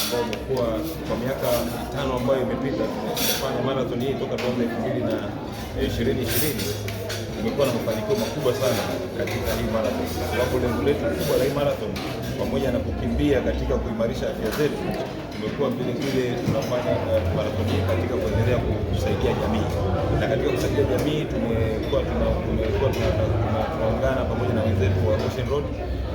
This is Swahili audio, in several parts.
ambao umekuwa kwa miaka mitano ambayo imepita tumefanya marathon hii toka tuanze elfu mbili na ishirini ishirini imekuwa na mafanikio makubwa sana katika hii marathon, sababu lengo letu kubwa la hii marathon pamoja na kukimbia katika kuimarisha afya zetu, tumekuwa vile vile tunafanya eh, marathon hii katika kuendelea kusaidia jamii, na katika kusaidia jamii tumekuwa tunaungana pamoja na wenzetu wa Ocean Road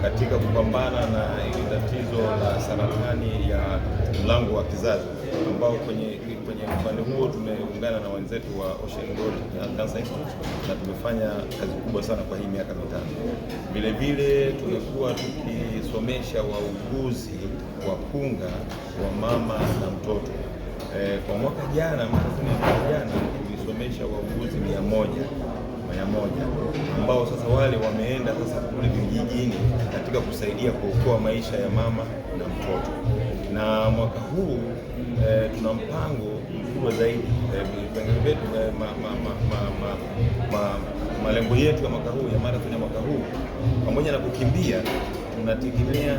katika kupambana na ili tatizo la saratani ya mlango wa kizazi, ambao kwenye kwenye upande huo tumeungana na wenzetu wa Ocean Road Cancer Institute na tumefanya kazi kubwa sana kwa hii miaka mitano. Vilevile tumekuwa tukisomesha wauguzi wa kunga wa mama na mtoto. E, kwa mwaka jana, mwaka jana tulisomesha wauguzi mia moja mara moja, ambao sasa wale wameenda sasa kule vijijini katika kusaidia kuokoa maisha ya mama na mtoto. Na mwaka huu e, tuna mpango mkubwa zaidi eh, vipengele vyetu e, ma, ma, ma, ma, ma, ma, malengo yetu ya mwaka huu ya marathon ya mwaka huu pamoja na kukimbia tunategemea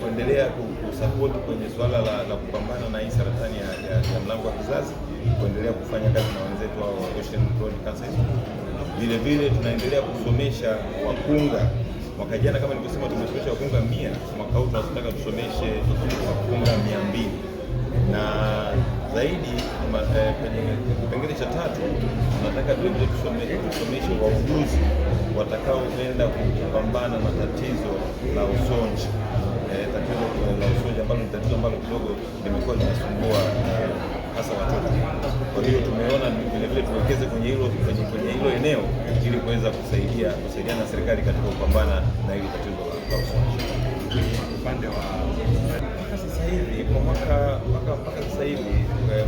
kuendelea kusapoti kwenye suala la, la kupambana na hii saratani ya, ya, ya mlango wa kizazi, kuendelea kufanya kazi na wenzetu wa Ocean Road Cancer Institute vile vile tunaendelea kusomesha wakunga. Mwaka jana kama nilivyosema, tumesomesha wakunga mia, mwaka huu tunataka tusomeshe wakunga mia mbili na zaidi. Eh, kwenye kipengele cha tatu tunataka tuendelee tusomeshe wauguzi watakaoenda kupambana na tatizo la usonji, eh, tatizo la usonji ambalo ni tatizo ambalo kidogo limekuwa linasumbua hiyo tumeona vile vile tuwekeze kwenye hilo kwenye kwenye hilo eneo ili kuweza kusaidia kusaidia na serikali katika kupambana na hili tatizo la usonji. Mpaka sasa hivi kwa mwaka mpaka sasa hivi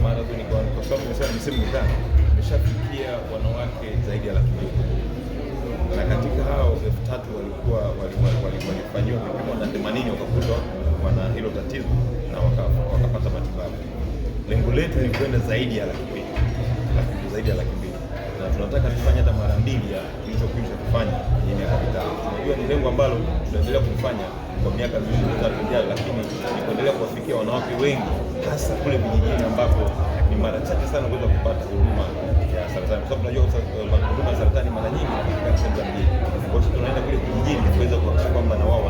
maana tu ni kwa sababu nimesema misimu mitano imeshafikia wanawake zaidi ya laki mbili na katika hao elfu tatu walikuwa walifanyiwa vipimo na themanini wakakutwa wana hilo tatizo na wakapata matibabu. Lengo letu ni kwenda zaidi ya laki mbili zaidi ya laki mbili na tunataka tufanye hata mara mbili ya kilichokwisha kufanya kwenye miaka mitano. Tunajua ni lengo ambalo tunaendelea kufanya kwa miaka miwili mitatu ijayo, lakini ni kuendelea kuwafikia wanawake wengi, hasa kule vijijini ambapo ni mara chache sana kuweza kupata huduma ya saratani, kwa sababu tunajua huduma ya saratani mara nyingi katika sehemu za mjini. Kwa hiyo tunaenda kule vijijini kuweza kuhakikisha kwamba na wao